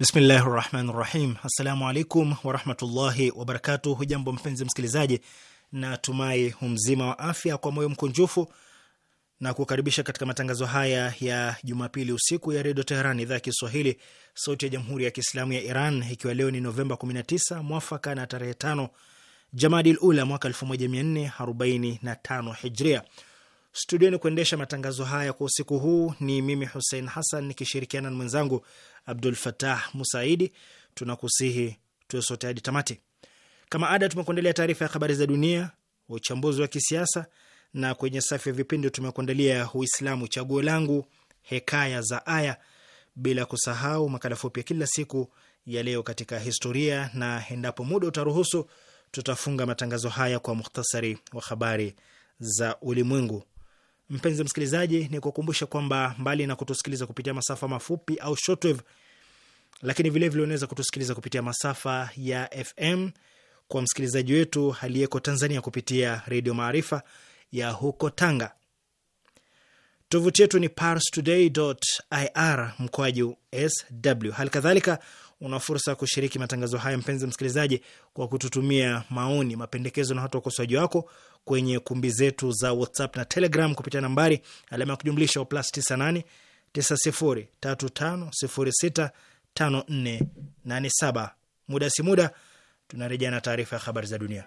Bismillahi rahmani rahim. Assalamu alaikum warahmatullahi wabarakatuh. Hujambo mpenzi msikilizaji, na tumai humzima wa afya kwa moyo mkunjufu na kukaribisha katika matangazo haya ya Jumapili usiku ya redio Teheran, idhaa ya Kiswahili, sauti ya jamhuri ya kiislamu ya Iran, ikiwa leo ni Novemba 19 mwafaka na tarehe 5 Jamadil Ula mwaka 1445 Hijria. Studioni kuendesha matangazo haya kwa usiku huu ni mimi Hussein Hassan nikishirikiana na mwenzangu Abdul Fatah Musaidi. Tunakusihi tuwe sote hadi tamati. Kama ada, tumekuandalia taarifa ya habari za dunia, uchambuzi wa kisiasa, na kwenye safu ya vipindi tumekuandalia Uislamu Chaguo Langu, Hekaya za Aya, bila kusahau makala fupi ya kila siku ya Leo katika Historia, na endapo muda utaruhusu, tutafunga matangazo haya kwa muhtasari wa habari za ulimwengu. Mpenzi msikilizaji, ni kukumbusha kwamba mbali na kutusikiliza kupitia masafa mafupi au shortwave, lakini vilevile unaweza kutusikiliza kupitia masafa ya FM kwa msikilizaji wetu aliyeko Tanzania kupitia Redio Maarifa ya huko Tanga. Tovuti yetu ni parstoday.ir mkoaju sw. Hali kadhalika una fursa ya kushiriki matangazo haya, mpenzi msikilizaji, kwa kututumia maoni, mapendekezo na hata ukosoaji wako kwenye kumbi zetu za WhatsApp na Telegram kupitia nambari alama ya kujumlisha plus 98 9035065487. Muda si muda tunarejea na taarifa ya habari za dunia.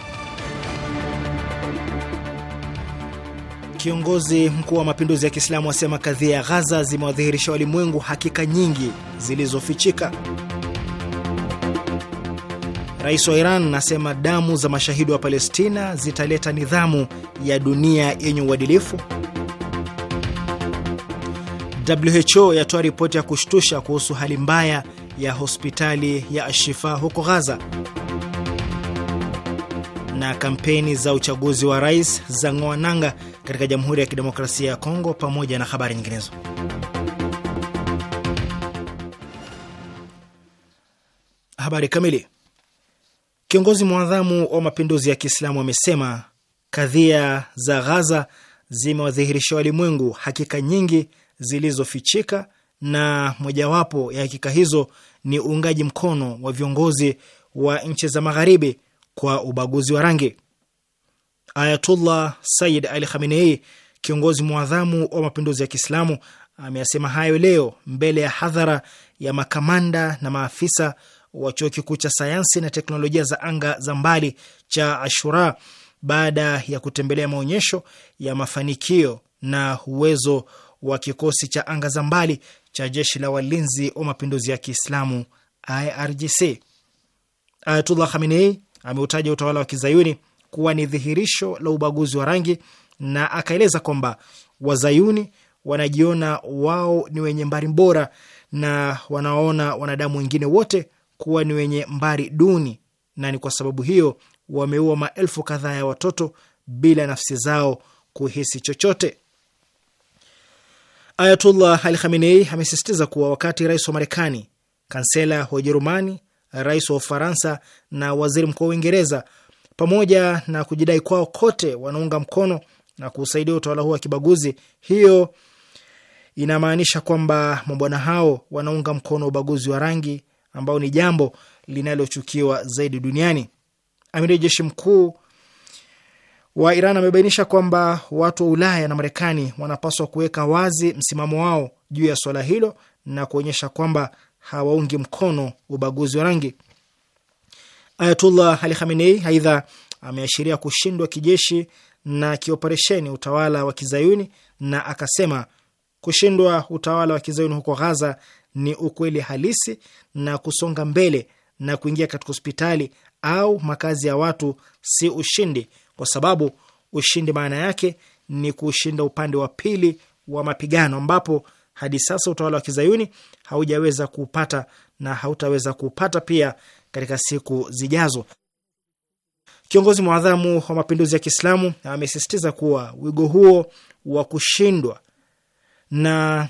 Kiongozi mkuu wa mapinduzi ya Kiislamu asema kadhia ya Ghaza zimewadhihirisha walimwengu hakika nyingi zilizofichika. Rais wa Iran nasema damu za mashahidi wa Palestina zitaleta nidhamu ya dunia yenye uadilifu. WHO yatoa ripoti ya kushtusha kuhusu hali mbaya ya hospitali ya Ashifa huko Ghaza na kampeni za uchaguzi wa rais za ng'oa nanga katika Jamhuri ya Kidemokrasia ya Kongo, pamoja na habari nyinginezo. Habari kamili. Kiongozi mwadhamu wa mapinduzi ya Kiislamu amesema kadhia za Ghaza zimewadhihirisha walimwengu hakika nyingi zilizofichika na mojawapo ya hakika hizo ni uungaji mkono wa viongozi wa nchi za Magharibi kwa ubaguzi wa rangi. Ayatullah Sayyid Ali Khamenei, kiongozi mwadhamu wa mapinduzi ya Kiislamu, ameyasema hayo leo mbele ya hadhara ya makamanda na maafisa wa chuo kikuu cha sayansi na teknolojia za anga za mbali cha Ashura baada ya kutembelea maonyesho ya mafanikio na uwezo wa kikosi cha anga za mbali cha jeshi la walinzi wa mapinduzi ya Kiislamu, IRGC. Ayatullah Khamenei ameutaja utawala wa kizayuni kuwa ni dhihirisho la ubaguzi wa rangi na akaeleza kwamba wazayuni wanajiona wao ni wenye mbari bora na wanaona wanadamu wengine wote kuwa ni wenye mbari duni, na ni kwa sababu hiyo wameua maelfu kadhaa ya watoto bila nafsi zao kuhisi chochote. Ayatullah Al Khamenei amesisitiza kuwa wakati rais wa Marekani, kansela wa Ujerumani rais wa Ufaransa na waziri mkuu wa Uingereza. Pamoja na kujidai kwao kote, wanaunga mkono na kuusaidia utawala huo wa kibaguzi. Hiyo inamaanisha kwamba mabwana hao wanaunga mkono ubaguzi wa rangi ambao ni jambo linalochukiwa zaidi duniani. Amiri jeshi mkuu wa Iran amebainisha kwamba watu wa Ulaya na Marekani wanapaswa kuweka wazi msimamo wao juu ya swala hilo na kuonyesha kwamba hawaungi mkono ubaguzi wa rangi. Ayatullah Ali Khamenei aidha ameashiria kushindwa kijeshi na kioperesheni utawala wa kizayuni na akasema kushindwa utawala wa kizayuni huko Ghaza ni ukweli halisi na kusonga mbele na kuingia katika hospitali au makazi ya watu si ushindi, kwa sababu ushindi maana yake ni kushinda upande wa pili wa mapigano ambapo hadi sasa utawala wa kizayuni haujaweza kuupata na hautaweza kuupata pia katika siku zijazo. Kiongozi mwadhamu wa mapinduzi ya Kiislamu amesisitiza kuwa wigo huo wa kushindwa na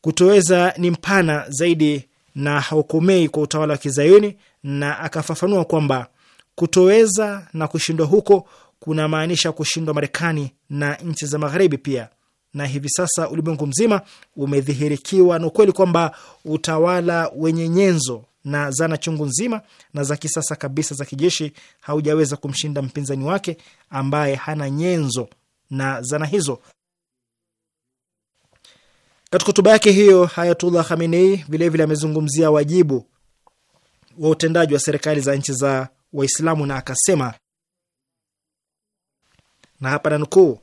kutoweza ni mpana zaidi na haukomei kwa utawala wa kizayuni, na akafafanua kwamba kutoweza na kushindwa huko kuna maanisha kushindwa Marekani na nchi za Magharibi pia na hivi sasa ulimwengu mzima umedhihirikiwa na ukweli kwamba utawala wenye nyenzo na zana chungu nzima na za kisasa kabisa za kijeshi haujaweza kumshinda mpinzani wake ambaye hana nyenzo na zana hizo. Katika hotuba yake hiyo, hayatullah Khamenei vilevile amezungumzia wajibu wa utendaji wa serikali za nchi za Waislamu na akasema, na hapa nanukuu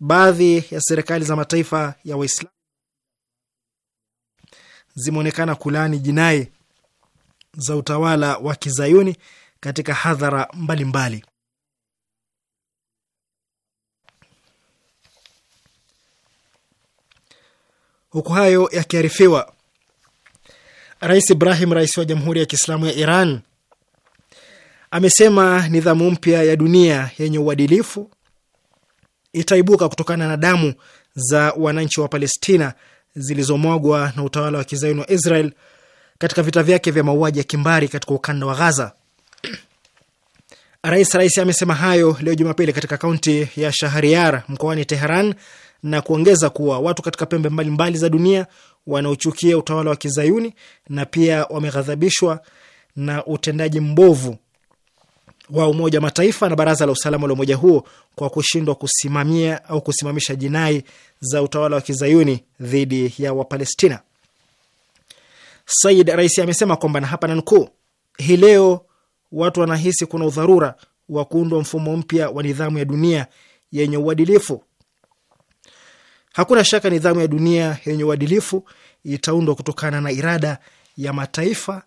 baadhi ya serikali za mataifa ya Waislamu zimeonekana kulaani jinai za utawala wa kizayuni katika hadhara mbalimbali. Huku hayo yakiarifiwa, Rais Ibrahim Rais wa Jamhuri ya Kiislamu ya Iran amesema nidhamu mpya ya dunia yenye uadilifu itaibuka kutokana na damu za wananchi wa Palestina zilizomwagwa na utawala wa kizayuni wa Israel katika vita vyake vya mauaji ya kimbari katika ukanda wa Gaza. Rais Raisi amesema hayo leo Jumapili katika kaunti ya Shahriar mkoani Teheran na kuongeza kuwa watu katika pembe mbalimbali mbali za dunia wanaochukia utawala wa kizayuni na pia wameghadhabishwa na utendaji mbovu wa Umoja wa Mataifa na Baraza la Usalama la umoja huo kwa kushindwa kusimamia au kusimamisha jinai za utawala wa kizayuni dhidi ya Wapalestina. Said Raisi amesema kwamba na hapa nanukuu, hii leo watu wanahisi kuna udharura wa kuundwa mfumo mpya wa nidhamu ya dunia yenye uadilifu. Hakuna shaka nidhamu ya dunia yenye uadilifu itaundwa kutokana na irada ya mataifa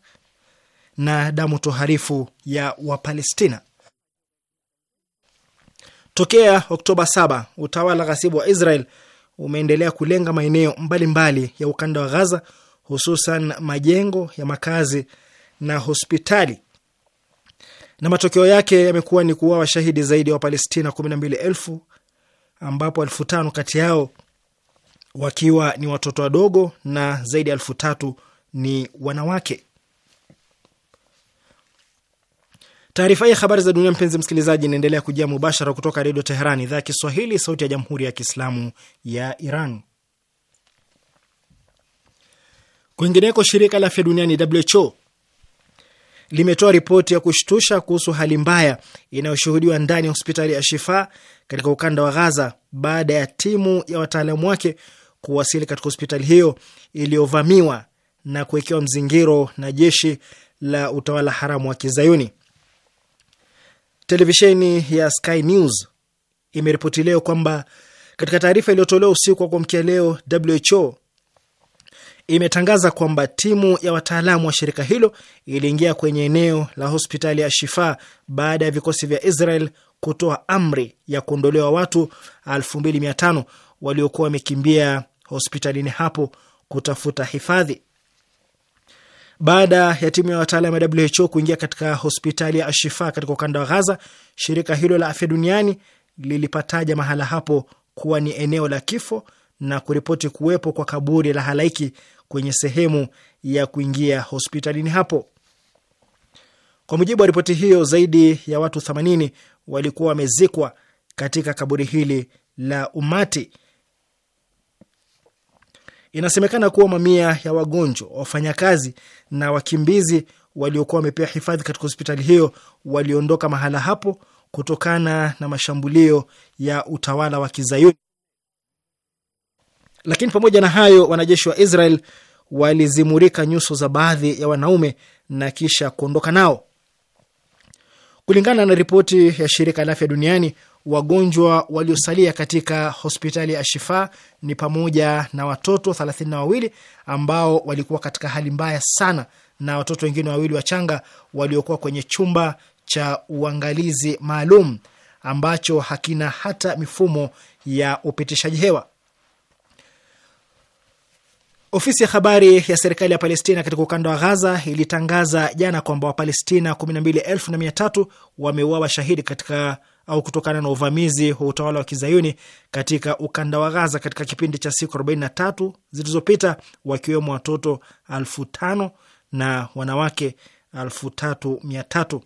na damu toharifu ya Wapalestina. Tokea Oktoba 7 utawala ghasibu wa Israel umeendelea kulenga maeneo mbalimbali ya ukanda wa Ghaza, hususan majengo ya makazi na hospitali, na matokeo yake yamekuwa ni kuwa washahidi zaidi ya Wapalestina 12,000 ambapo elfu kati yao wakiwa ni watoto wadogo na zaidi ya elfu tatu ni wanawake. Taarifa hii habari za dunia, mpenzi msikilizaji, inaendelea kujia mubashara kutoka Redio Teheran, idhaa ya Kiswahili, sauti ya Jamhuri ya Kiislamu ya Iran. Kwingineko, shirika la afya duniani WHO limetoa ripoti ya kushtusha kuhusu hali mbaya inayoshuhudiwa ndani ya hospitali ya Shifa katika ukanda wa Ghaza baada ya timu ya wataalamu wake kuwasili katika hospitali hiyo iliyovamiwa na kuwekewa mzingiro na jeshi la utawala haramu wa Kizayuni. Televisheni ya Sky News imeripoti leo kwamba katika taarifa iliyotolewa usiku wa kuamkia leo, WHO imetangaza kwamba timu ya wataalamu wa shirika hilo iliingia kwenye eneo la hospitali ya Shifa baada ya vikosi vya Israel kutoa amri ya kuondolewa watu 2500 waliokuwa wamekimbia hospitalini hapo kutafuta hifadhi. Baada ya timu ya wataalam ya WHO kuingia katika hospitali ya Ashifa katika ukanda wa Ghaza, shirika hilo la afya duniani lilipataja mahala hapo kuwa ni eneo la kifo na kuripoti kuwepo kwa kaburi la halaiki kwenye sehemu ya kuingia hospitalini hapo. Kwa mujibu wa ripoti hiyo, zaidi ya watu 80 walikuwa wamezikwa katika kaburi hili la umati. Inasemekana kuwa mamia ya wagonjwa, wafanyakazi na wakimbizi waliokuwa wamepewa hifadhi katika hospitali hiyo waliondoka mahala hapo kutokana na mashambulio ya utawala wa Kizayuni. Lakini pamoja na hayo, wanajeshi wa Israel walizimurika nyuso za baadhi ya wanaume na kisha kuondoka nao. Kulingana na ripoti ya shirika la afya duniani, wagonjwa waliosalia katika hospitali ya Shifa ni pamoja na watoto thelathini na wawili ambao walikuwa katika hali mbaya sana na watoto wengine wawili wachanga waliokuwa kwenye chumba cha uangalizi maalum ambacho hakina hata mifumo ya upitishaji hewa. Ofisi ya habari ya serikali ya Palestina katika ukanda wa Ghaza ilitangaza jana kwamba Wapalestina 12,300 wameuawa shahidi katika au kutokana na uvamizi wa utawala wa kizayuni katika ukanda wa Ghaza katika kipindi cha siku 43 zilizopita, wakiwemo watoto 5,000 na wanawake 3,300.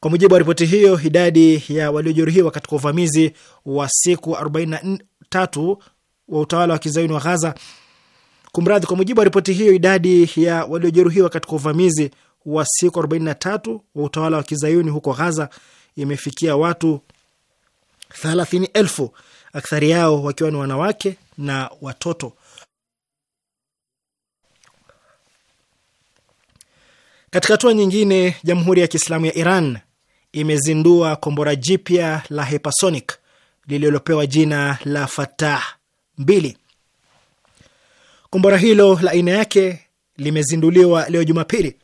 Kwa mujibu wa ripoti hiyo, idadi ya waliojeruhiwa katika uvamizi wa siku 43 wa utawala wa kizayuni wa Ghaza Kumradhi, kwa mujibu wa ripoti hiyo, idadi ya waliojeruhiwa katika uvamizi wa siku 43 wa utawala wa kizayuni huko Ghaza imefikia watu 30,000 akthari yao wakiwa ni wanawake na watoto. Katika hatua nyingine, Jamhuri ya Kiislamu ya Iran imezindua kombora jipya la hypersonic lililopewa jina la Fatah mbili Kombora hilo la aina yake limezinduliwa leo Jumapili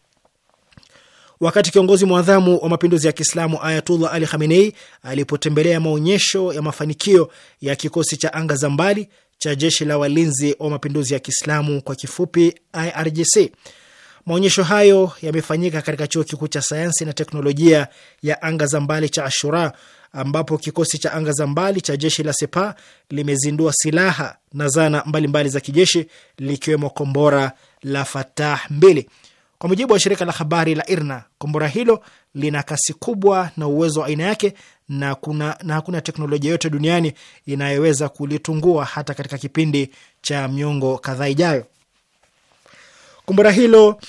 wakati kiongozi mwadhamu wa mapinduzi ya Kiislamu Ayatullah Ali Khamenei alipotembelea maonyesho ya mafanikio ya kikosi cha anga za mbali cha jeshi la walinzi wa mapinduzi ya Kiislamu kwa kifupi IRGC. Maonyesho hayo yamefanyika katika chuo kikuu cha sayansi na teknolojia ya anga za mbali cha Ashura ambapo kikosi cha anga za mbali cha jeshi la Sepa limezindua silaha na zana mbalimbali za kijeshi likiwemo kombora la Fatah mbili. Kwa mujibu wa shirika la habari la IRNA, kombora hilo lina kasi kubwa na uwezo wa aina yake na kuna, na hakuna teknolojia yote duniani inayoweza kulitungua hata katika kipindi cha miongo kadhaa ijayo. Kombora hilo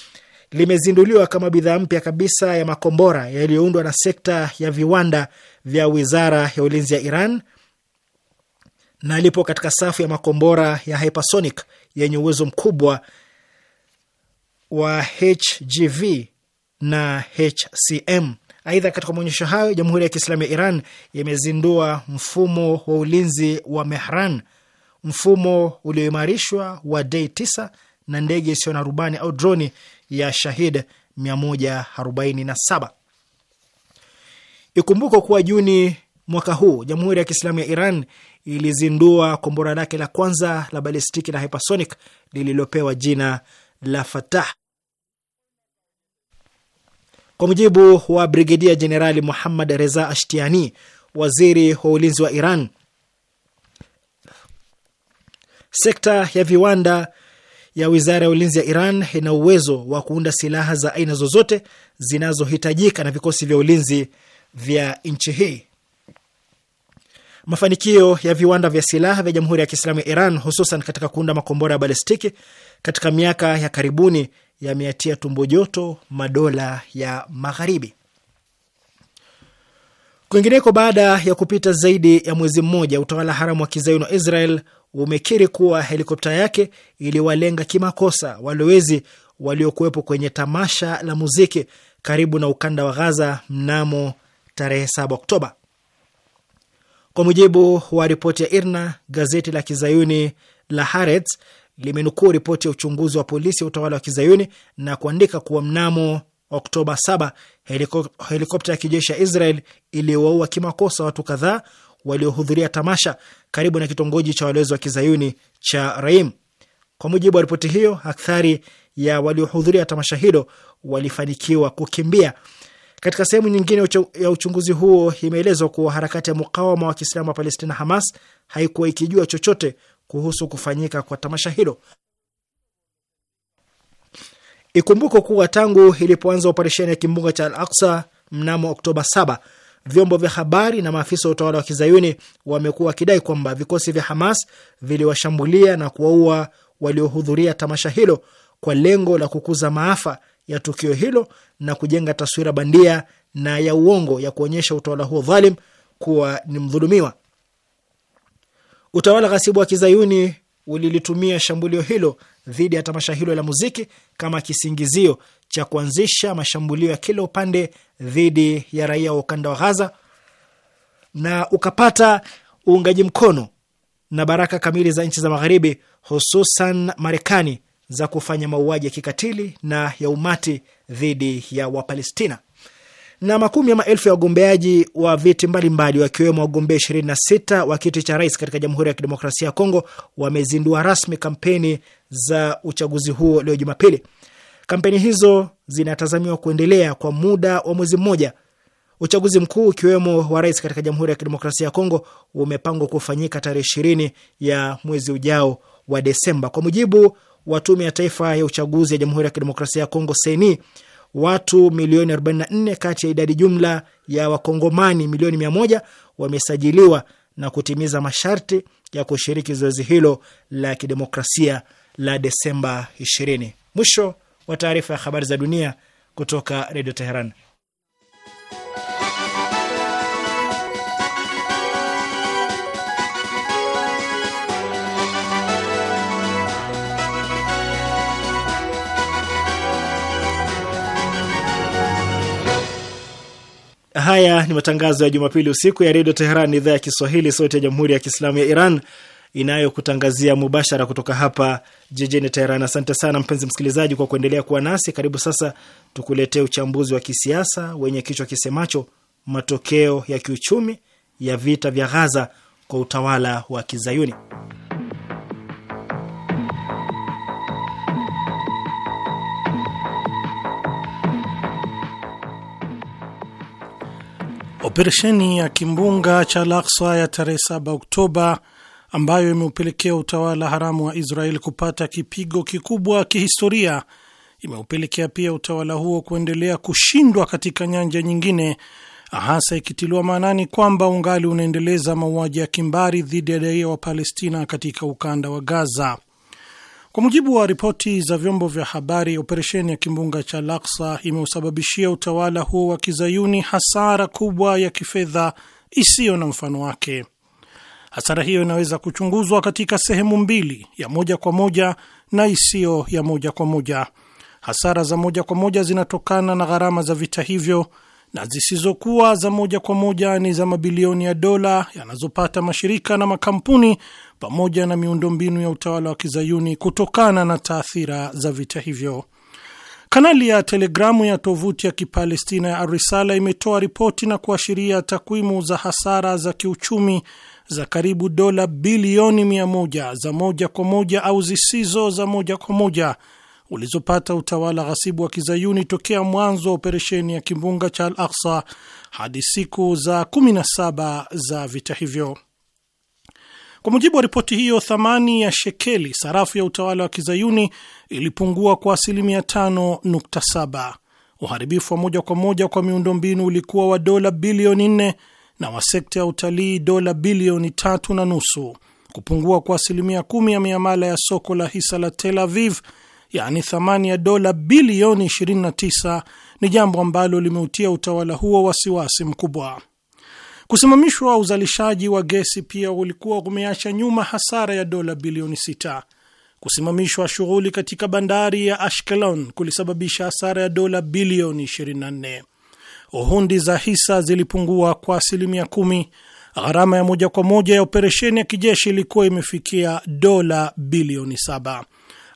limezinduliwa kama bidhaa mpya kabisa ya makombora yaliyoundwa na sekta ya viwanda vya wizara ya ulinzi ya Iran na lipo katika safu ya makombora ya hypersonic yenye uwezo mkubwa wa HGV na HCM. Aidha, katika maonyesho hayo Jamhuri ya Kiislamu ya Iran imezindua mfumo wa ulinzi wa Mehran, mfumo ulioimarishwa wa Day 9 na ndege isiyo na rubani au droni ya Shahid 147. Ikumbuko kuwa Juni mwaka huu Jamhuri ya Kiislamu ya Iran ilizindua kombora lake la kwanza la balistiki na hypersonic lililopewa jina la Fatah. Kwa mujibu wa Brigedia Jenerali Muhammad Reza Ashtiani, waziri wa ulinzi wa Iran, sekta ya viwanda ya wizara ya ulinzi ya Iran ina uwezo wa kuunda silaha za aina zozote zinazohitajika na vikosi vya ulinzi vya nchi hii. Mafanikio ya viwanda vya silaha vya Jamhuri ya Kiislamu ya Iran, hususan katika kuunda makombora ya balistiki katika miaka ya karibuni, yameatia tumbo joto madola ya Magharibi. Kwingineko, baada ya kupita zaidi ya mwezi mmoja, utawala haramu wa kizayuni wa Israel umekiri kuwa helikopta yake iliwalenga kimakosa walowezi waliokuwepo kwenye tamasha la muziki karibu na ukanda wa Ghaza mnamo tarehe 7 Oktoba. Kwa mujibu wa ripoti ya IRNA, gazeti la kizayuni la Haaretz limenukuu ripoti ya uchunguzi wa polisi ya utawala wa kizayuni na kuandika kuwa mnamo Oktoba 7 helikopta ya kijeshi ya Israel iliwaua kimakosa watu kadhaa waliohudhuria tamasha karibu na kitongoji cha walowezi wa kizayuni cha Raim. Kwa mujibu wa ripoti hiyo, akthari ya waliohudhuria tamasha hilo walifanikiwa kukimbia katika sehemu nyingine ya uchunguzi huo imeelezwa kuwa harakati ya mukawama wa Kiislamu wa Palestina, Hamas, haikuwa ikijua chochote kuhusu kufanyika kwa tamasha hilo. Ikumbuko kuwa tangu ilipoanza operesheni ya kimbunga cha Al Aksa mnamo Oktoba 7 vyombo vya habari na maafisa wa utawala wa kizayuni wamekuwa wakidai kwamba vikosi vya Hamas viliwashambulia na kuwaua waliohudhuria tamasha hilo kwa lengo la kukuza maafa ya tukio hilo na kujenga taswira bandia na ya uongo ya kuonyesha utawala huo dhalim kuwa ni mdhulumiwa. Utawala ghasibu wa kizayuni ulilitumia shambulio hilo dhidi ya tamasha hilo la muziki kama kisingizio cha kuanzisha mashambulio ya kila upande dhidi ya raia wa ukanda wa Ghaza na ukapata uungaji mkono na baraka kamili za nchi za Magharibi, hususan Marekani za kufanya mauaji ya kikatili na ya umati dhidi ya Wapalestina. Na makumi ya maelfu ya wagombeaji wa viti mbalimbali wakiwemo wagombea ishirini na sita wa kiti cha rais katika Jamhuri ya Kidemokrasia ya Kongo wamezindua rasmi kampeni za uchaguzi huo leo Jumapili. Kampeni hizo zinatazamiwa kuendelea kwa muda wa mwezi mmoja. Uchaguzi mkuu ukiwemo wa rais katika Jamhuri ya Kidemokrasia ya Kongo umepangwa kufanyika tarehe ishirini ya mwezi ujao wa Desemba, kwa mujibu wa Tume ya Taifa ya Uchaguzi ya Jamhuri ya Kidemokrasia ya Kongo seni watu milioni 44 kati ya idadi jumla ya Wakongomani milioni 100 wamesajiliwa na kutimiza masharti ya kushiriki zoezi hilo la kidemokrasia la Desemba 20. Mwisho wa taarifa ya habari za dunia kutoka Redio Teheran. haya ni matangazo ya Jumapili usiku ya Redio Teheran, idhaa ya Kiswahili, sauti ya Jamhuri ya Kiislamu ya Iran inayokutangazia mubashara kutoka hapa jijini Teheran. Asante sana mpenzi msikilizaji kwa kuendelea kuwa nasi. Karibu sasa tukuletee uchambuzi wa kisiasa wenye kichwa kisemacho matokeo ya kiuchumi ya vita vya Ghaza kwa utawala wa Kizayuni. Operesheni ya kimbunga cha Al-Aqsa ya tarehe 7 Oktoba ambayo imeupelekea utawala haramu wa israel kupata kipigo kikubwa kihistoria imeupelekea pia utawala huo kuendelea kushindwa katika nyanja nyingine, hasa ikitiliwa maanani kwamba ungali unaendeleza mauaji ya kimbari dhidi ya raia wa Palestina katika ukanda wa Gaza. Kwa mujibu wa ripoti za vyombo vya habari, operesheni ya kimbunga cha Laksa imeusababishia utawala huo wa kizayuni hasara kubwa ya kifedha isiyo na mfano wake. Hasara hiyo inaweza kuchunguzwa katika sehemu mbili, ya moja kwa moja na isiyo ya moja kwa moja. Hasara za moja kwa moja zinatokana na gharama za vita hivyo na zisizokuwa za moja kwa moja ni za mabilioni ya dola yanazopata mashirika na makampuni pamoja na miundombinu ya utawala wa kizayuni kutokana na taathira za vita hivyo. Kanali ya Telegramu ya tovuti ya Kipalestina ya Arisala imetoa ripoti na kuashiria takwimu za hasara za kiuchumi za karibu dola bilioni mia moja za moja kwa moja au zisizo za moja kwa moja ulizopata utawala ghasibu wa kizayuni tokea mwanzo wa operesheni ya kimbunga cha Al Aksa hadi siku za 17 za vita hivyo. Kwa mujibu wa ripoti hiyo, thamani ya shekeli, sarafu ya utawala wa kizayuni, ilipungua kwa asilimia 5.7. Uharibifu wa moja kwa moja kwa miundombinu ulikuwa wa dola bilioni 4 na wa sekta ya utalii dola bilioni tatu na nusu. Kupungua kwa asilimia kumi ya miamala ya soko la hisa la Tel Aviv yaani thamani ya dola bilioni 29 ni jambo ambalo limeutia utawala huo wasiwasi mkubwa. Kusimamishwa uzalishaji wa gesi pia ulikuwa umeacha nyuma hasara ya dola bilioni 6. Kusimamishwa shughuli katika bandari ya Ashkelon kulisababisha hasara ya dola bilioni 24. Uhundi za hisa zilipungua kwa asilimia kumi. Gharama ya moja kwa moja ya operesheni ya kijeshi ilikuwa imefikia dola bilioni saba.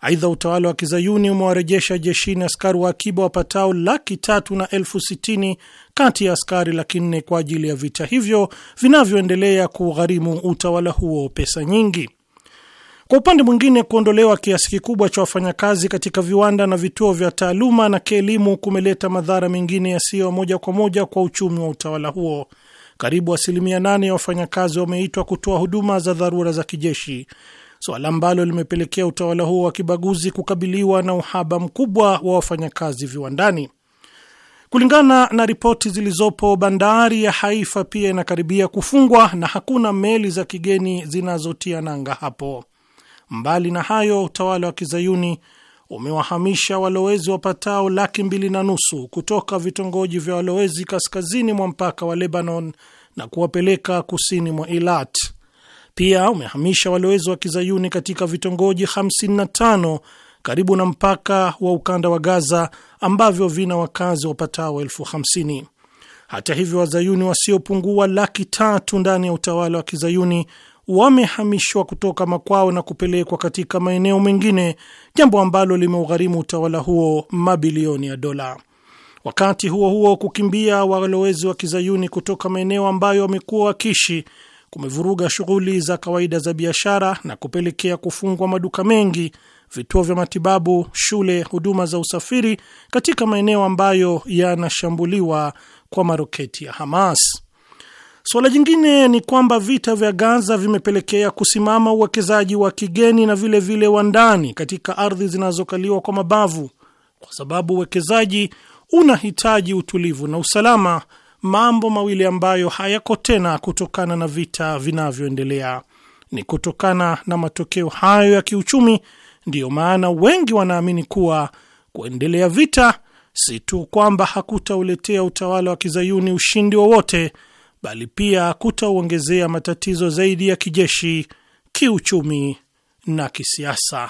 Aidha, utawala wa kizayuni umewarejesha jeshini askari wa akiba wapatao laki tatu na elfu sitini kati ya askari laki nne kwa ajili ya vita hivyo vinavyoendelea kugharimu utawala huo pesa nyingi. Kwa upande mwingine, kuondolewa kiasi kikubwa cha wafanyakazi katika viwanda na vituo vya taaluma na kielimu kumeleta madhara mengine yasiyo moja kwa moja kwa uchumi wa utawala huo. Karibu asilimia nane ya wafanyakazi wameitwa kutoa huduma za dharura za kijeshi suala ambalo limepelekea utawala huo wa kibaguzi kukabiliwa na uhaba mkubwa wa wafanyakazi viwandani. Kulingana na ripoti zilizopo, bandari ya Haifa pia inakaribia kufungwa na hakuna meli za kigeni zinazotia nanga hapo. Mbali na hayo, utawala wa kizayuni umewahamisha walowezi wapatao laki mbili na nusu kutoka vitongoji vya walowezi kaskazini mwa mpaka wa Lebanon na kuwapeleka kusini mwa Ilat. Pia umehamisha walowezi wa kizayuni katika vitongoji 55 karibu na mpaka wa ukanda wa Gaza ambavyo vina wakazi wapatao elfu Hata hivyo wazayuni wasiopungua laki tatu ndani ya utawala wa kizayuni wamehamishwa kutoka makwao na kupelekwa katika maeneo mengine, jambo ambalo limeugharimu utawala huo mabilioni ya dola. Wakati huo huo, kukimbia walowezi wa kizayuni kutoka maeneo ambayo wamekuwa wakishi kumevuruga shughuli za kawaida za biashara na kupelekea kufungwa maduka mengi, vituo vya matibabu, shule, huduma za usafiri katika maeneo ambayo yanashambuliwa kwa maroketi ya Hamas. Suala jingine ni kwamba vita vya Gaza vimepelekea kusimama uwekezaji wa kigeni na vilevile vile wa ndani katika ardhi zinazokaliwa kwa mabavu, kwa sababu uwekezaji unahitaji utulivu na usalama mambo mawili ambayo hayako tena kutokana na vita vinavyoendelea. Ni kutokana na matokeo hayo ya kiuchumi, ndiyo maana wengi wanaamini kuwa kuendelea vita si tu kwamba hakutauletea utawala wa kizayuni ushindi wowote, bali pia kutauongezea matatizo zaidi ya kijeshi, kiuchumi na kisiasa.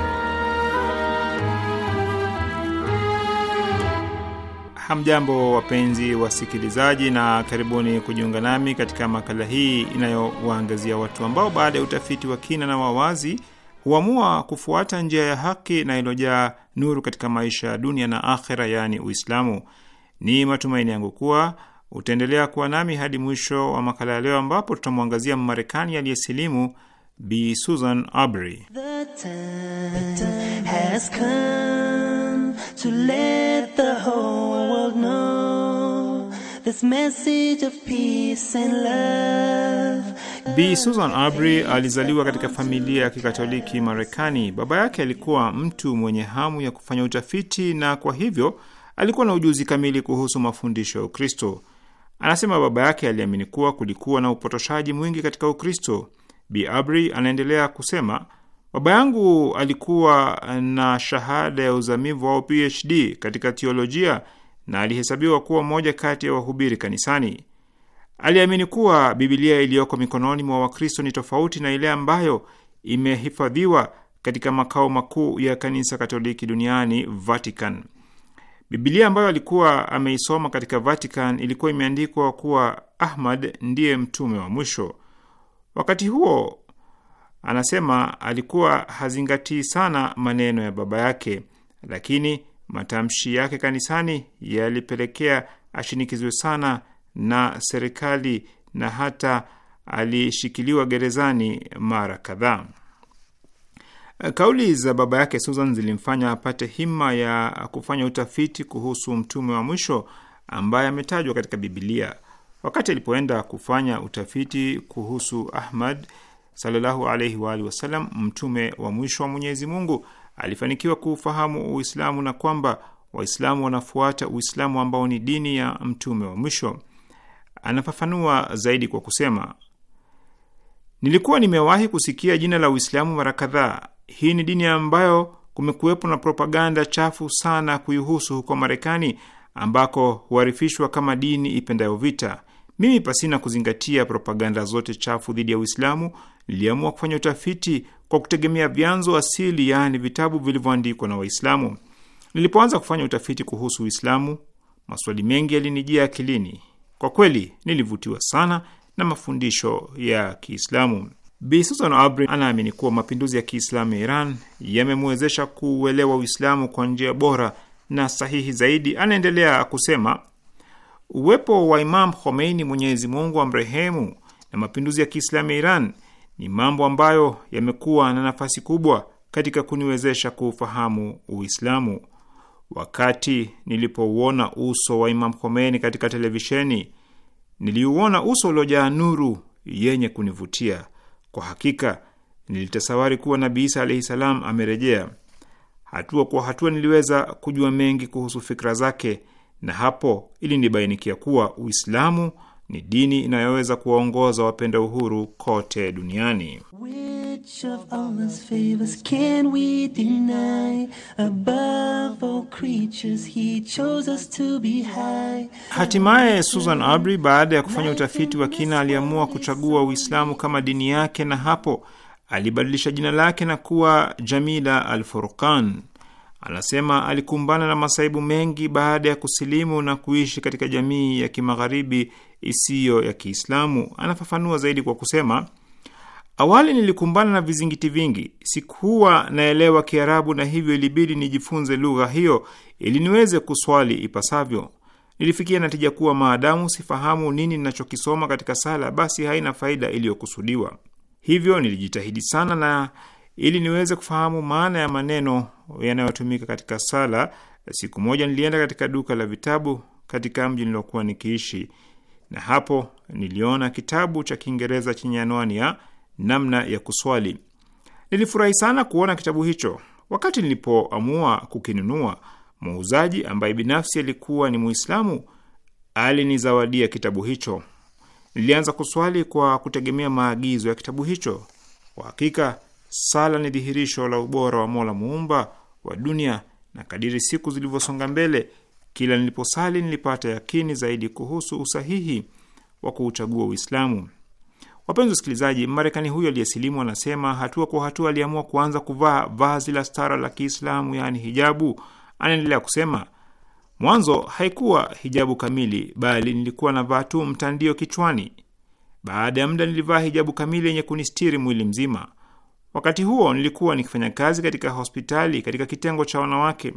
Hamjambo, wapenzi wasikilizaji, na karibuni kujiunga nami katika makala hii inayowaangazia watu ambao baada ya utafiti wa kina na wawazi huamua kufuata njia ya haki na iliyojaa nuru katika maisha ya dunia na akhera, yaani Uislamu. Ni matumaini yangu kuwa utaendelea kuwa nami hadi mwisho wa makala ya leo, ambapo tutamwangazia Mmarekani aliyesilimu Bi Susan Abry. The time has come to let the whole world know this message of peace and love. Bi Susan Aubrey alizaliwa katika familia ya Kikatoliki Marekani. Baba yake alikuwa mtu mwenye hamu ya kufanya utafiti na kwa hivyo alikuwa na ujuzi kamili kuhusu mafundisho ya Ukristo. Anasema baba yake aliamini kuwa kulikuwa na upotoshaji mwingi katika Ukristo. Bi Aubrey anaendelea kusema Baba yangu alikuwa na shahada ya uzamivu au PhD katika teolojia na alihesabiwa kuwa mmoja kati ya wahubiri kanisani. Aliamini kuwa Bibilia iliyoko mikononi mwa Wakristo ni tofauti na ile ambayo imehifadhiwa katika makao makuu ya kanisa Katoliki duniani, Vatican. Bibilia ambayo alikuwa ameisoma katika Vatican ilikuwa imeandikwa kuwa Ahmad ndiye mtume wa mwisho. Wakati huo anasema alikuwa hazingatii sana maneno ya baba yake, lakini matamshi yake kanisani yalipelekea ashinikizwe sana na serikali na hata alishikiliwa gerezani mara kadhaa. Kauli za baba yake Susan zilimfanya apate himma ya kufanya utafiti kuhusu mtume wa mwisho ambaye ametajwa katika Bibilia. Wakati alipoenda kufanya utafiti kuhusu Ahmad, sallallahu alaihi wa alihi wasallam, mtume wa mwisho wa Mwenyezi Mungu, alifanikiwa kuufahamu Uislamu na kwamba Waislamu wanafuata Uislamu ambao ni dini ya mtume wa mwisho. Anafafanua zaidi kwa kusema, nilikuwa nimewahi kusikia jina la Uislamu mara kadhaa. Hii ni dini ambayo kumekuwepo na propaganda chafu sana kuihusu huko Marekani, ambako huarifishwa kama dini ipendayo vita. Mimi pasina kuzingatia propaganda zote chafu dhidi ya Uislamu liliamua kufanya utafiti kwa kutegemea vyanzo asili, yaani vitabu vilivyoandikwa na Waislamu. Nilipoanza kufanya utafiti kuhusu Uislamu, maswali mengi yalinijia akilini. Kwa kweli nilivutiwa sana na mafundisho ya Kiislamu. Bi Susan Abri anaamini kuwa mapinduzi ya Kiislamu ya Iran yamemwezesha kuuelewa Uislamu kwa njia bora na sahihi zaidi. Anaendelea kusema uwepo wa Imam Khomeini, Mwenyezi Mungu amrehemu, na mapinduzi ya Kiislamu ya Iran ni mambo ambayo yamekuwa na nafasi kubwa katika kuniwezesha kuufahamu Uislamu. Wakati nilipouona uso wa Imam Khomeini katika televisheni, niliuona uso uliojaa nuru yenye kunivutia. Kwa hakika nilitasawari kuwa Nabii Isa alaihi salam amerejea. Hatua kwa hatua niliweza kujua mengi kuhusu fikra zake, na hapo ili nibainikia kuwa Uislamu ni dini inayoweza kuwaongoza wapenda uhuru kote duniani. Hatimaye Susan abry baada ya kufanya utafiti wa kina, aliamua kuchagua Uislamu kama dini yake, na hapo alibadilisha jina lake na kuwa Jamila Al-Furqan. Anasema alikumbana na masaibu mengi baada ya kusilimu na kuishi katika jamii ya kimagharibi isiyo ya Kiislamu. Anafafanua zaidi kwa kusema, awali nilikumbana na vizingiti vingi, sikuwa naelewa Kiarabu na hivyo ilibidi nijifunze lugha hiyo ili niweze kuswali ipasavyo. Nilifikia natija kuwa maadamu sifahamu nini ninachokisoma katika sala, basi haina faida iliyokusudiwa. Hivyo nilijitahidi sana na ili niweze kufahamu maana ya maneno yanayotumika katika sala. Siku moja nilienda katika duka la vitabu katika mji nilokuwa nikiishi, na hapo niliona kitabu cha Kiingereza chenye anwani ya namna ya kuswali. Nilifurahi sana kuona kitabu hicho. Wakati nilipoamua kukinunua, muuzaji ambaye binafsi alikuwa ni Muislamu alinizawadia kitabu hicho. Nilianza kuswali kwa kutegemea maagizo ya kitabu hicho. Kwa hakika sala ni dhihirisho la ubora wa Mola Muumba wa dunia, na kadiri siku zilivyosonga mbele, kila niliposali nilipata yakini zaidi kuhusu usahihi wa kuuchagua Uislamu. Wapenzi wasikilizaji, Marekani huyo aliyesilimu anasema hatua kwa hatua aliamua kuanza kuvaa vazi la stara la Kiislamu, yaani hijabu. Anaendelea kusema, mwanzo haikuwa hijabu kamili, bali nilikuwa navaa tu mtandio kichwani. Baada ya muda nilivaa hijabu kamili yenye kunistiri mwili mzima. Wakati huo nilikuwa nikifanya kazi katika hospitali katika kitengo cha wanawake.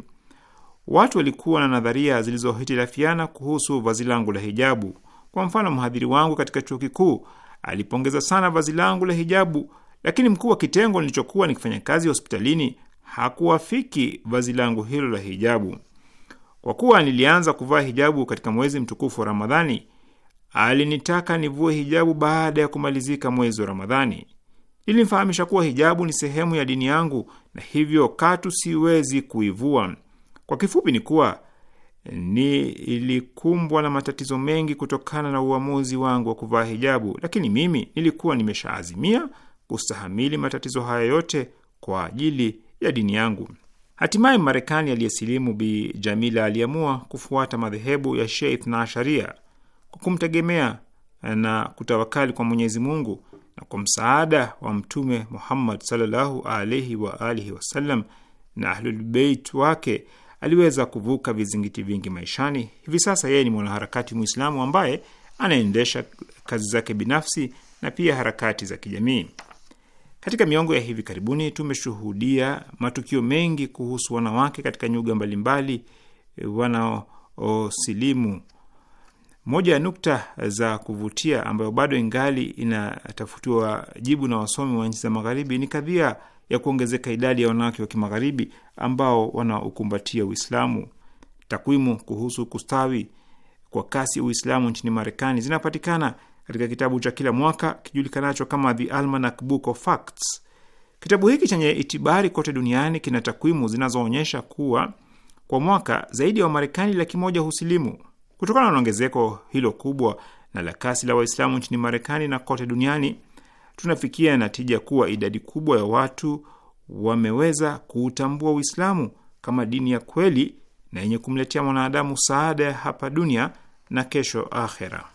Watu walikuwa na nadharia zilizohitilafiana kuhusu vazi langu la hijabu. Kwa mfano, mhadhiri wangu katika chuo kikuu alipongeza sana vazi langu la hijabu, lakini mkuu wa kitengo nilichokuwa nikifanya kazi hospitalini hakuwafiki vazi langu hilo la hijabu. Kwa kuwa nilianza kuvaa hijabu katika mwezi mtukufu wa Ramadhani, alinitaka nivue hijabu baada ya kumalizika mwezi wa Ramadhani. Nilimfahamisha kuwa hijabu ni sehemu ya dini yangu na hivyo katu siwezi kuivua. Kwa kifupi ni kuwa nilikumbwa na matatizo mengi kutokana na uamuzi wangu wa kuvaa hijabu, lakini mimi nilikuwa nimeshaazimia kustahamili matatizo haya yote kwa ajili ya dini yangu. Hatimaye Marekani aliyesilimu Bi Jamila aliamua kufuata madhehebu ya Shia Ithna Sharia kwa kumtegemea na kutawakali kwa Mwenyezi Mungu na kwa msaada wa Mtume Muhammad sallallahu alaihi wa alihi wasallam na Ahlulbeit wake aliweza kuvuka vizingiti vingi maishani. Hivi sasa yeye ni mwanaharakati Mwislamu ambaye anaendesha kazi zake binafsi na pia harakati za kijamii. Katika miongo ya hivi karibuni tumeshuhudia matukio mengi kuhusu wanawake katika nyuga mbalimbali eh, wanaosilimu moja ya nukta za kuvutia ambayo bado ingali inatafutiwa jibu na wasomi wa nchi za Magharibi ni kadhia ya kuongezeka idadi ya wanawake wa kimagharibi ambao wanaukumbatia Uislamu. Takwimu kuhusu kustawi kwa kasi Uislamu nchini Marekani zinapatikana katika kitabu cha kila mwaka kijulikanacho kama The Almanac Book of Facts. Kitabu hiki chenye itibari kote duniani kina takwimu zinazoonyesha kuwa kwa mwaka zaidi ya Wamarekani laki moja husilimu. Kutokana na ongezeko hilo kubwa na la kasi la Waislamu nchini Marekani na kote duniani, tunafikia natija kuwa idadi kubwa ya watu wameweza kuutambua Uislamu kama dini ya kweli na yenye kumletea mwanadamu saada ya hapa dunia na kesho akhera.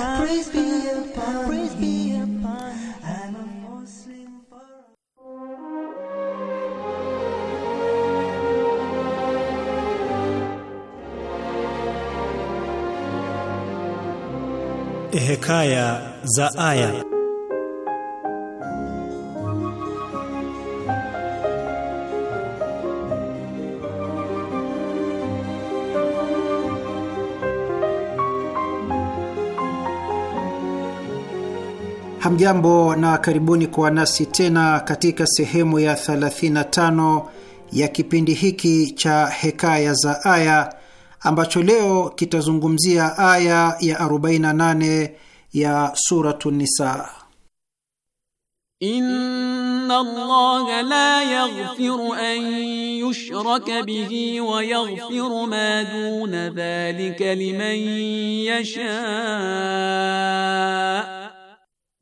Praise be upon Praise be upon Hekaya za Aya Hamjambo na karibuni kwa nasi tena katika sehemu ya 35 ya kipindi hiki cha Hekaya za Aya ambacho leo kitazungumzia aya ya 48 ya Suratu Nisa. Inna Allaha la yaghfiru an yushraka bihi wa yaghfiru ma duna dhalika liman yashaa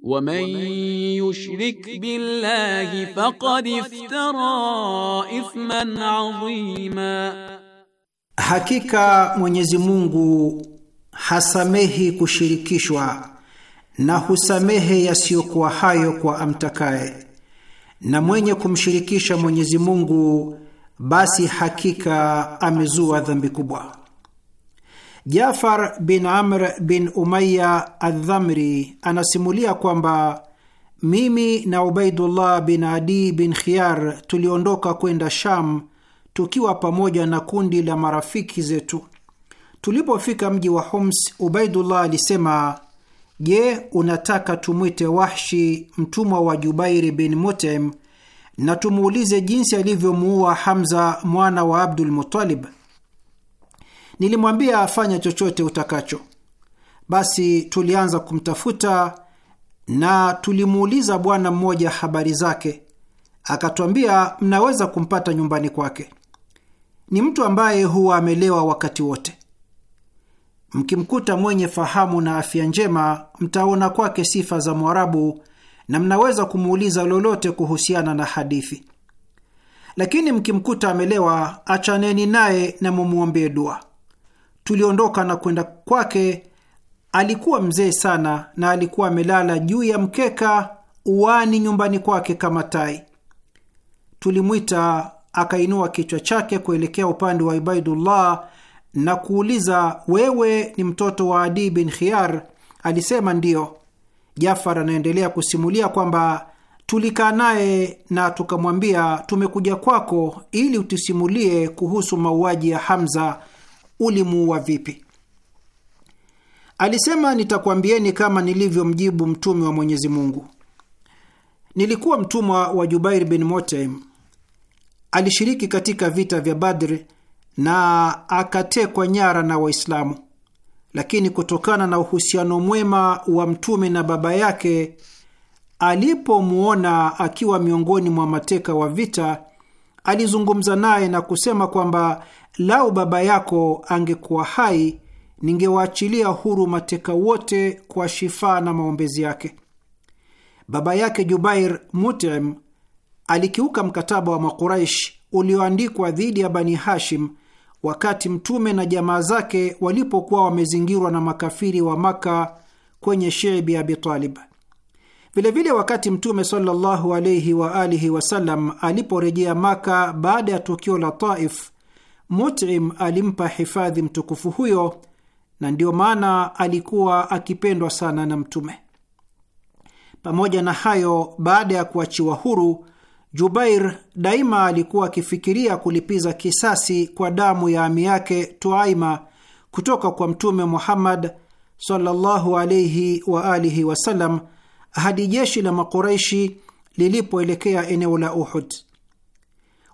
Waman yushrik billahi faqad iftara ithman adhima, hakika Mwenyezi Mungu hasamehi kushirikishwa na husamehe yasiyokuwa hayo kwa amtakaye, na mwenye kumshirikisha Mwenyezi Mungu basi hakika amezua dhambi kubwa. Jafar bin Amr bin Umaya adhamri anasimulia kwamba mimi na Ubaidullah bin Adi bin Khiyar tuliondoka kwenda Sham tukiwa pamoja na kundi la marafiki zetu. Tulipofika mji wa Homs, Ubaidullah alisema, je, unataka tumwite Wahshi mtumwa wa Jubairi bin Mutem na tumuulize jinsi alivyomuua Hamza mwana wa Abdul Nilimwambia afanya chochote utakacho. Basi tulianza kumtafuta na tulimuuliza bwana mmoja habari zake, akatwambia mnaweza kumpata nyumbani kwake. Ni mtu ambaye huwa amelewa wakati wote. Mkimkuta mwenye fahamu na afya njema, mtaona kwake sifa za Mwarabu na mnaweza kumuuliza lolote kuhusiana na hadithi, lakini mkimkuta amelewa, achaneni naye na mumwombee dua tuliondoka na kwenda kwake. Alikuwa mzee sana na alikuwa amelala juu ya mkeka uani nyumbani kwake kama tai. Tulimwita akainua kichwa chake kuelekea upande wa Ibaidullah na kuuliza, wewe ni mtoto wa Adi bin Khiyar? Alisema ndiyo. Jafar anaendelea kusimulia kwamba tulikaa naye na tukamwambia, tumekuja kwako ili utusimulie kuhusu mauaji ya Hamza ulimuua vipi? Alisema, nitakwambieni kama nilivyomjibu mtume wa Mwenyezi Mungu. Nilikuwa mtumwa wa Jubair bin Mutaim. Alishiriki katika vita vya badr na akatekwa nyara na Waislamu, lakini kutokana na uhusiano mwema wa mtume na baba yake, alipomwona akiwa miongoni mwa mateka wa vita, alizungumza naye na kusema kwamba Lau baba yako angekuwa hai, ningewaachilia huru mateka wote kwa shifaa na maombezi yake. Baba yake Jubair Mutim alikiuka mkataba wa Makuraish ulioandikwa dhidi ya Bani Hashim wakati Mtume na jamaa zake walipokuwa wamezingirwa na makafiri wa Maka kwenye Shibi ya Abitalib. Vilevile, wakati Mtume sallallahu alaihi waalihi wasallam aliporejea Maka baada ya tukio la Taif, Mutim alimpa hifadhi mtukufu huyo, na ndiyo maana alikuwa akipendwa sana na Mtume. Pamoja na hayo, baada ya kuachiwa huru, Jubair daima alikuwa akifikiria kulipiza kisasi kwa damu ya ami yake Tuaima kutoka kwa Mtume Muhammad sallallahu alayhi wa alihi wasallam hadi jeshi la Makuraishi lilipoelekea eneo la Uhud.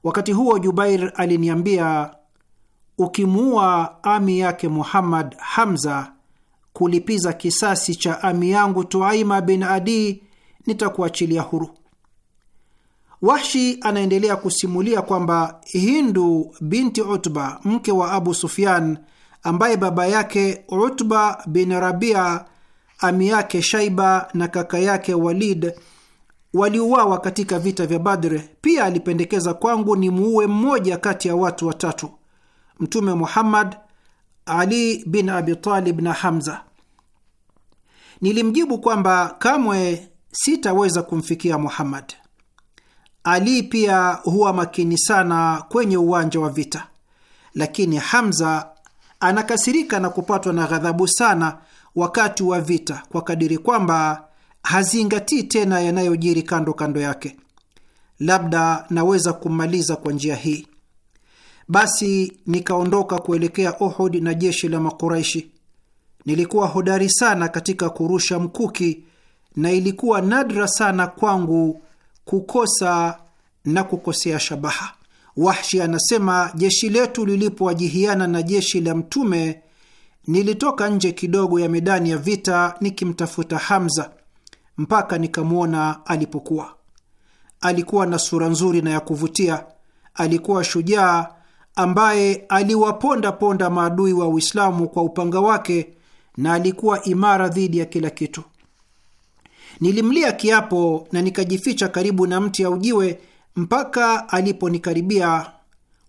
Wakati huo Jubair aliniambia, ukimuua ami yake Muhammad Hamza kulipiza kisasi cha ami yangu Tuaima bin Adi nitakuachilia huru. Wahshi anaendelea kusimulia kwamba Hindu binti Utba, mke wa Abu Sufyan, ambaye baba yake Utba bin Rabia, ami yake Shaiba na kaka yake Walid waliuawa katika vita vya Badre. Pia alipendekeza kwangu ni muue mmoja kati ya watu watatu. Mtume Muhammad, Ali bin Abitalib na Hamza. Nilimjibu kwamba kamwe sitaweza kumfikia Muhammad. Ali pia huwa makini sana kwenye uwanja wa vita, lakini Hamza anakasirika na kupatwa na ghadhabu sana wakati wa vita, kwa kadiri kwamba hazingatii tena yanayojiri kando kando yake. Labda naweza kummaliza kwa njia hii. Basi nikaondoka kuelekea Uhud na jeshi la Makuraishi. Nilikuwa hodari sana katika kurusha mkuki, na ilikuwa nadra sana kwangu kukosa na kukosea shabaha. Wahshi anasema jeshi letu lilipoajihiana na jeshi la Mtume, nilitoka nje kidogo ya medani ya vita nikimtafuta Hamza mpaka nikamwona alipokuwa. Alikuwa na sura nzuri na ya kuvutia, alikuwa shujaa ambaye aliwapondaponda maadui wa Uislamu kwa upanga wake na alikuwa imara dhidi ya kila kitu. Nilimlia kiapo na nikajificha karibu na mti aujiwe mpaka aliponikaribia.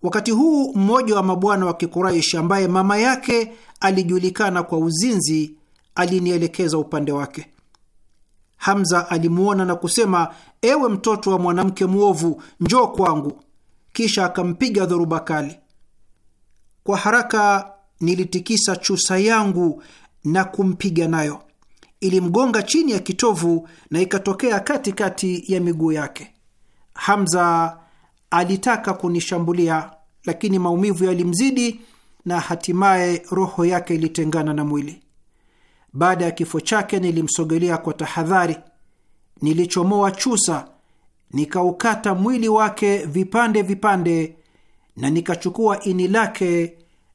Wakati huu mmoja wa mabwana wa Kikuraish ambaye mama yake alijulikana kwa uzinzi alinielekeza upande wake. Hamza alimuona na kusema, ewe mtoto wa mwanamke mwovu, njoo kwangu kisha akampiga dhoruba kali. Kwa haraka nilitikisa chusa yangu na kumpiga nayo, ilimgonga chini ya kitovu na ikatokea katikati ya miguu yake. Hamza alitaka kunishambulia, lakini maumivu yalimzidi na hatimaye roho yake ilitengana na mwili. Baada ya kifo chake, nilimsogelea kwa tahadhari, nilichomoa chusa nikaukata mwili wake vipande vipande, na nikachukua ini lake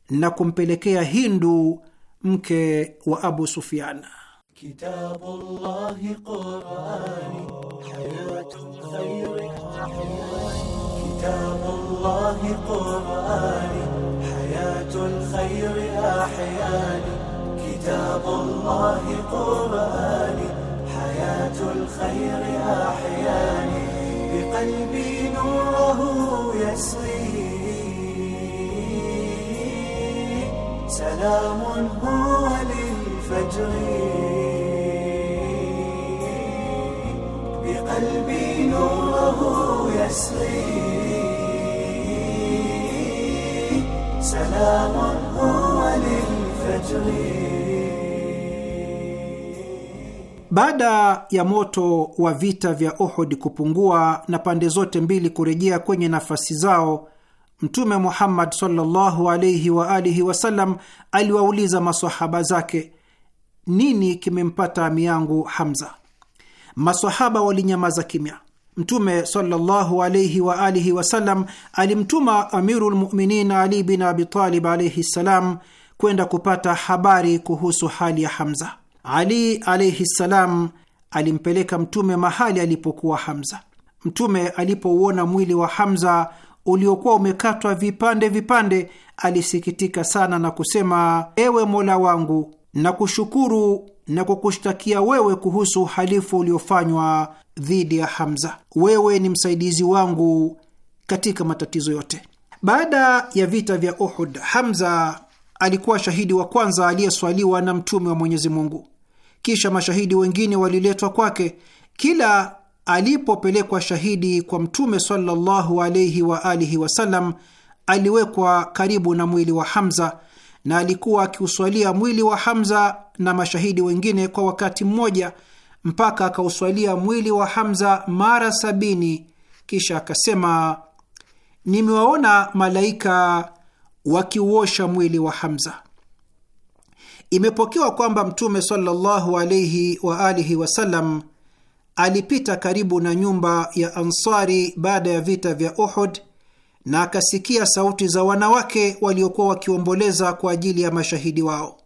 na kumpelekea Hindu mke wa Abu Sufyan. Kitabullahi Qurani, hayatun khayri ahyani. قلبي نوره يسري سلام هو للفجر بقلبي نوره يسري سلام هو للفجر Baada ya moto wa vita vya Uhud kupungua na pande zote mbili kurejea kwenye nafasi zao, Mtume Muhammad sallallahu wa alihi wasallam aliwauliza masahaba zake, nini kimempata ami yangu Hamza? Masahaba walinyamaza kimya. Mtume sallallahu wa alihi wasallam alimtuma Amiru lmuminin Ali bin Abitalib alaihi ssalam kwenda kupata habari kuhusu hali ya Hamza. Ali alaihi ssalam alimpeleka Mtume mahali alipokuwa Hamza. Mtume alipouona mwili wa Hamza uliokuwa umekatwa vipande vipande, alisikitika sana na kusema, ewe Mola wangu, na kushukuru na kukushtakia wewe kuhusu uhalifu uliofanywa dhidi ya Hamza. Wewe ni msaidizi wangu katika matatizo yote. Baada ya vita vya Uhud, Hamza alikuwa shahidi wa kwanza aliyeswaliwa na Mtume wa Mwenyezi Mungu. Kisha mashahidi wengine waliletwa kwake. Kila alipopelekwa shahidi kwa Mtume sallallahu alaihi wa alihi wasallam, aliwekwa karibu na mwili wa Hamza na alikuwa akiuswalia mwili wa Hamza na mashahidi wengine kwa wakati mmoja mpaka akauswalia mwili wa Hamza mara sabini. Kisha akasema, nimewaona malaika wakiuosha mwili wa Hamza. Imepokewa kwamba Mtume sallallahu alaihi wa alihi wasallam alipita karibu na nyumba ya Ansari baada ya vita vya Uhud na akasikia sauti za wanawake waliokuwa wakiomboleza kwa ajili ya mashahidi wao.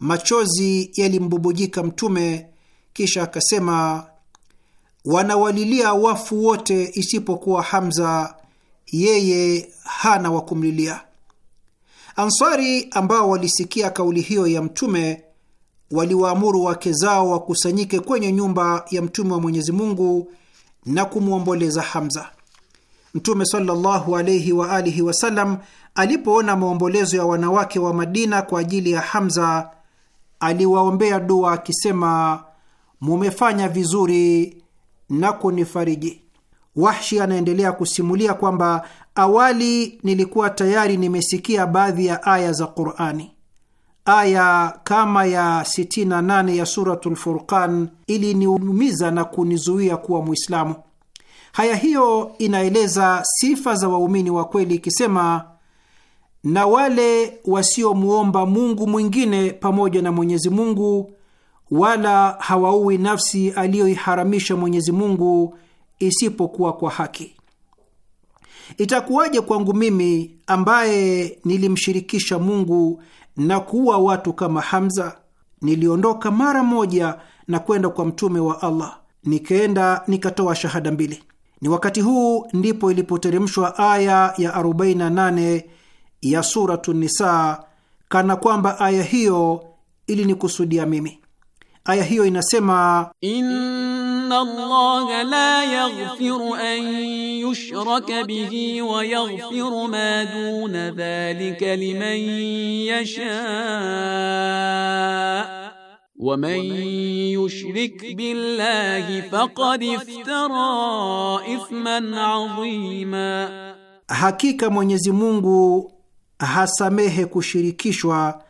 Machozi yalimbubujika Mtume, kisha akasema, wanawalilia wafu wote isipokuwa Hamza, yeye hana wa kumlilia. Ansari ambao walisikia kauli hiyo ya Mtume waliwaamuru wake zao wakusanyike kwenye nyumba ya Mtume wa Mwenyezi Mungu na kumwomboleza Hamza. Mtume sallallahu alayhi wa alihi wasallam alipoona maombolezo ya wanawake wa Madina kwa ajili ya Hamza, aliwaombea dua akisema, mumefanya vizuri na kunifariji. Wahshi anaendelea kusimulia kwamba Awali nilikuwa tayari nimesikia baadhi ya aya za Qurani. Aya kama ya 68 ya Suratul Furqan iliniumiza na kunizuia kuwa Mwislamu. Haya hiyo inaeleza sifa za waumini wa kweli ikisema, na wale wasiomwomba Mungu mwingine pamoja na Mwenyezi Mungu, wala hawaui nafsi aliyoiharamisha Mwenyezi Mungu isipokuwa kwa haki itakuwaje kwangu mimi ambaye nilimshirikisha Mungu na kuua watu kama Hamza? Niliondoka mara moja na kwenda kwa mtume wa Allah, nikaenda nikatoa shahada mbili. Ni wakati huu ndipo ilipoteremshwa aya ya 48 ya Suratu Nisaa, kana kwamba aya hiyo ilinikusudia mimi. Aya hiyo inasema inna Allaha la yaghfiru an yushraka bihi wa yaghfiru ma duna dhalika liman yasha wa man yushrik billahi faqad iftara ithman adhima, hakika Mwenyezi Mungu hasamehe kushirikishwa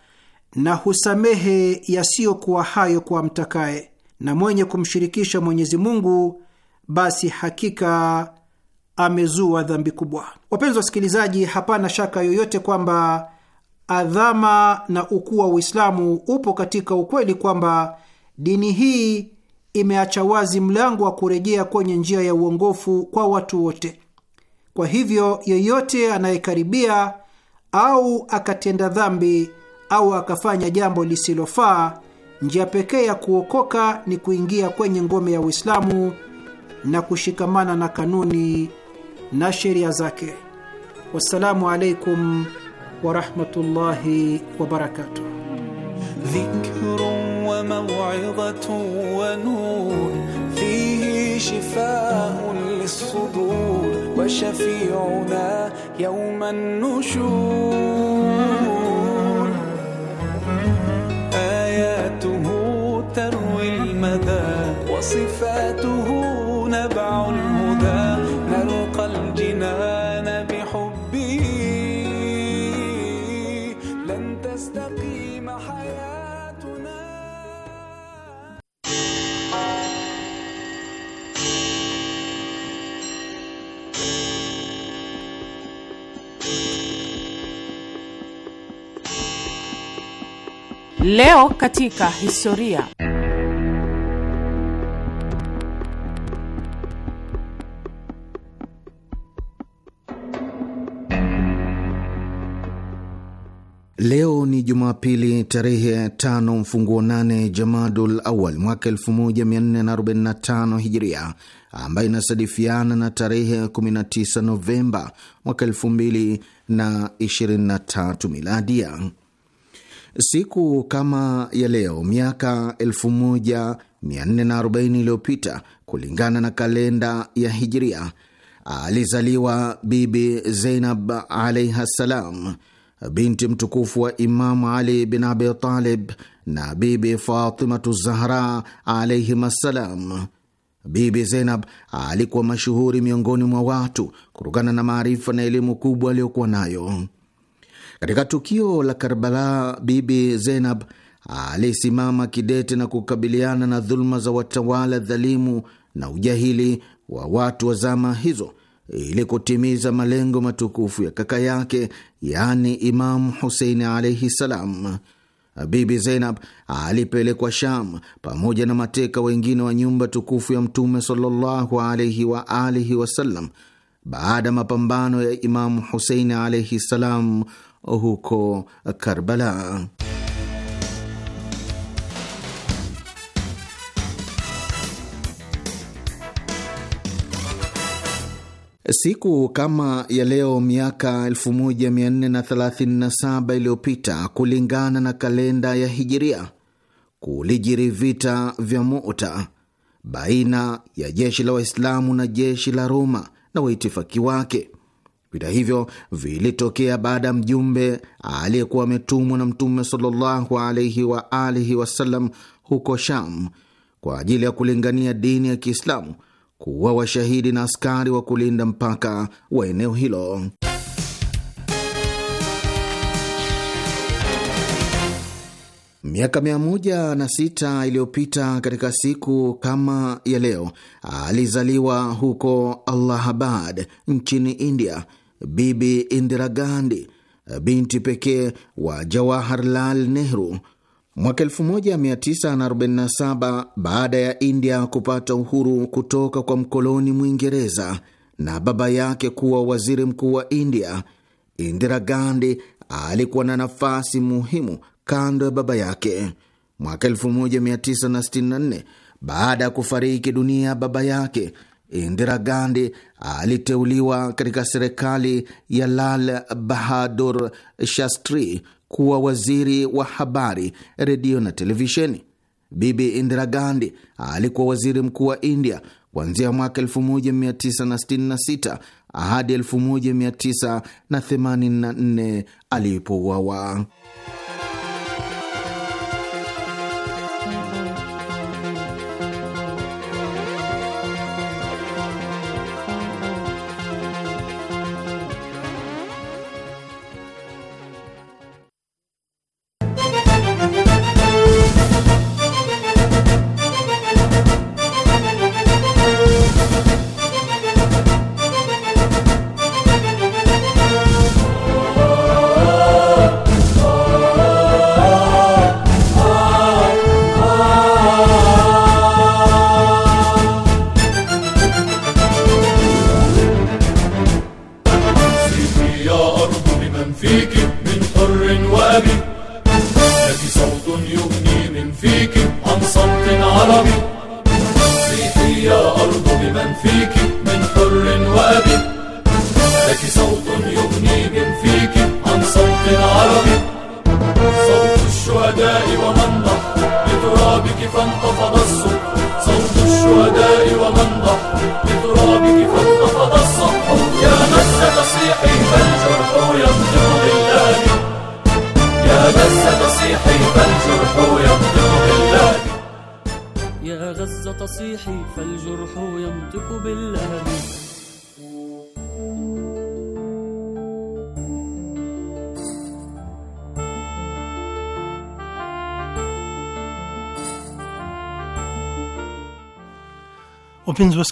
na husamehe yasiyokuwa hayo kwa mtakaye, na mwenye kumshirikisha Mwenyezi Mungu basi hakika amezua dhambi kubwa. Wapenzi wasikilizaji, hapana shaka yoyote kwamba adhama na ukuu wa Uislamu upo katika ukweli kwamba dini hii imeacha wazi mlango wa kurejea kwenye njia ya uongofu kwa watu wote. Kwa hivyo, yeyote anayekaribia au akatenda dhambi au akafanya jambo lisilofaa, njia pekee ya kuokoka ni kuingia kwenye ngome ya Uislamu na kushikamana na kanuni na sheria zake. Wassalamu alaikum warahmatullahi wabarakatuh. wa wa wa shafiuna yawman nushur تروي المدى وصفاته نبع الهدى Leo katika historia. Leo ni Jumapili tarehe tano mfunguo nane Jamadul Awal mwaka 1445 Hijiria, ambayo inasadifiana na tarehe 19 Novemba mwaka 2023 Miladia. Siku kama ya leo miaka 1440 iliyopita kulingana na kalenda ya Hijiria alizaliwa Bibi Zeinab alaihi ssalam, binti mtukufu wa Imamu Ali bin Abi Talib na Bibi Fatimatu Zahra alaihim assalam. Bibi Zeinab alikuwa mashuhuri miongoni mwa watu kutokana na maarifa na elimu kubwa aliyokuwa nayo. Katika tukio la Karbala, Bibi Zeinab alisimama kidete na kukabiliana na dhuluma za watawala dhalimu na ujahili wa watu wa zama hizo ili kutimiza malengo matukufu ya kaka yake, yaani Imamu Huseini alaihi salam. Bibi Zeinab alipelekwa Sham pamoja na mateka wengine wa nyumba tukufu ya Mtume sallallahu alaihi wa alihi wasallam baada ya mapambano ya Imamu Huseini alaihi salam huko Karbala. Siku kama ya leo miaka 1437 iliyopita kulingana na kalenda ya Hijiria, kulijiri vita vya Muta baina ya jeshi la Waislamu na jeshi la Roma na waitifaki wake Vita hivyo vilitokea baada ya mjumbe aliyekuwa ametumwa na Mtume sallallahu alaihi wa alihi wasallam huko Sham kwa ajili ya kulingania dini ya Kiislamu kuwa washahidi na askari wa kulinda mpaka wa eneo hilo. Miaka mia moja na sita iliyopita katika siku kama ya leo alizaliwa huko Allahabad nchini India Bibi Indira Gandhi, binti pekee wa Jawaharlal Nehru. Mwaka 1947 baada ya India kupata uhuru kutoka kwa mkoloni Mwingereza na baba yake kuwa waziri mkuu wa India, Indira Gandhi alikuwa na nafasi muhimu kando ya baba yake. Mwaka 1964 baada ya kufariki dunia baba yake, Indira Gandhi aliteuliwa katika serikali ya Lal Bahadur Shastri kuwa waziri wa habari, redio na televisheni. Bibi Indira Gandhi alikuwa waziri mkuu wa India kuanzia mwaka 1966 hadi 1984 alipouawa.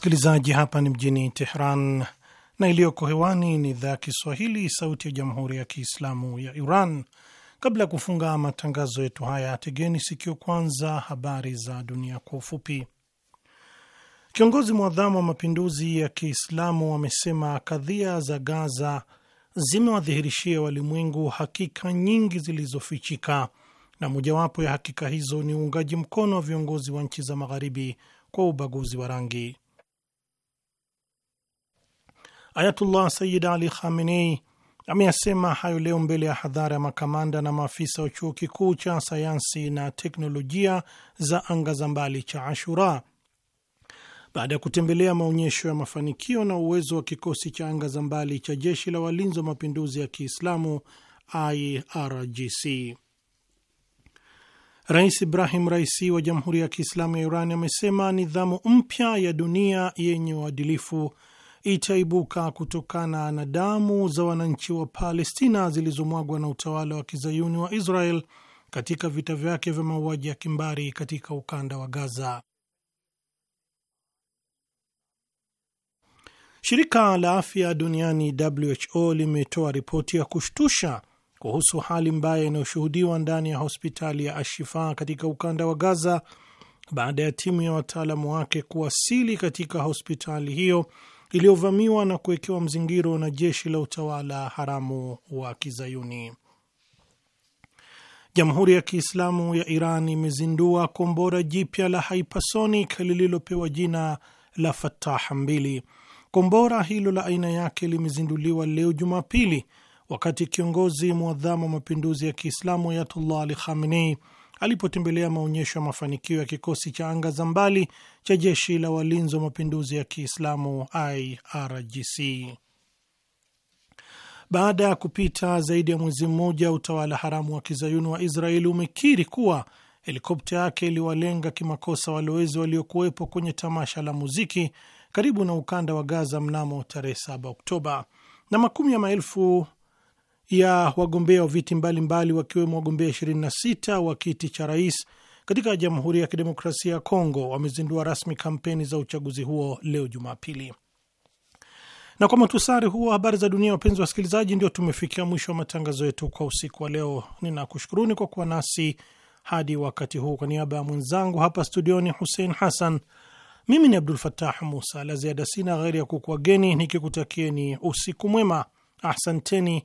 Msikilizaji, hapa ni mjini Tehran na iliyoko hewani ni idhaa ya Kiswahili, sauti ya jamhuri ya kiislamu ya Iran. Kabla ya kufunga matangazo yetu haya, tegeni sikio kwanza habari za dunia kwa ufupi. Kiongozi mwadhamu wa mapinduzi ya Kiislamu amesema kadhia za Gaza zimewadhihirishia walimwengu hakika nyingi zilizofichika na mojawapo ya hakika hizo ni uungaji mkono wa viongozi wa nchi za magharibi kwa ubaguzi wa rangi. Ayatullah Sayyid Ali Khamenei ameyasema hayo leo mbele ya hadhara ya makamanda na maafisa wa chuo kikuu cha sayansi na teknolojia za anga za mbali cha Ashura baada ya kutembelea maonyesho ya mafanikio na uwezo wa kikosi cha anga za mbali cha jeshi la walinzi wa mapinduzi ya Kiislamu IRGC. Rais Ibrahim Raisi wa Jamhuri ya Kiislamu ya Iran amesema nidhamu mpya ya dunia yenye uadilifu itaibuka kutokana na damu za wananchi wa Palestina zilizomwagwa na utawala wa kizayuni wa Israel katika vita vyake vya mauaji ya kimbari katika ukanda wa Gaza. Shirika la afya duniani WHO limetoa ripoti ya kushtusha kuhusu hali mbaya inayoshuhudiwa ndani ya hospitali ya Ashifa katika ukanda wa Gaza baada ya timu ya wataalamu wake kuwasili katika hospitali hiyo iliyovamiwa na kuwekewa mzingiro na jeshi la utawala haramu wa Kizayuni. Jamhuri ya Kiislamu ya Iran imezindua kombora jipya la hypersonic lililopewa jina la Fatah mbili. Kombora hilo la aina yake limezinduliwa leo Jumapili, wakati kiongozi mwadhamu wa mapinduzi ya Kiislamu Ayatullah Ali Khamenei alipotembelea maonyesho ya mafanikio ya kikosi cha anga za mbali cha jeshi la walinzi wa mapinduzi ya Kiislamu IRGC. Baada ya kupita zaidi ya mwezi mmoja, utawala haramu wa kizayuni wa Israeli umekiri kuwa helikopta yake iliwalenga kimakosa walowezi waliokuwepo kwenye tamasha la muziki karibu na ukanda wa Gaza mnamo tarehe 7 Oktoba, na makumi ya maelfu ya wagombea wa viti mbalimbali wakiwemo wagombea 26 wa kiti cha rais katika Jamhuri ya Kidemokrasia ya Kongo wamezindua rasmi kampeni za uchaguzi huo leo Jumapili. Na kwa matusari huo habari za dunia, wapenzi wa wasikilizaji, ndio tumefikia mwisho wa matangazo yetu kwa usiku wa leo. Ninakushukuruni kwa kuwa nasi hadi wakati huu. Kwa niaba ya mwenzangu hapa studioni Hussein Hassan, mimi ni Abdul Fattah Musa. La ziada sina, ghairi ya kukuageni nikikutakieni usiku mwema. Ahsanteni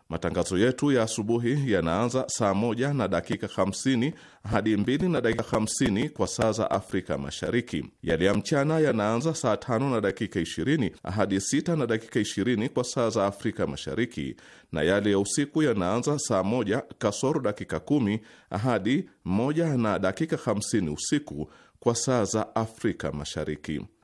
Matangazo yetu ya asubuhi yanaanza saa moja na dakika 50 hadi 2 na dakika 50 kwa saa za Afrika Mashariki. Yale ya mchana yanaanza saa tano na dakika ishirini hadi sita na dakika ishirini kwa saa za Afrika Mashariki, na yale ya usiku yanaanza saa moja kasoro dakika kumi hadi moja na dakika 50 usiku kwa saa za Afrika Mashariki.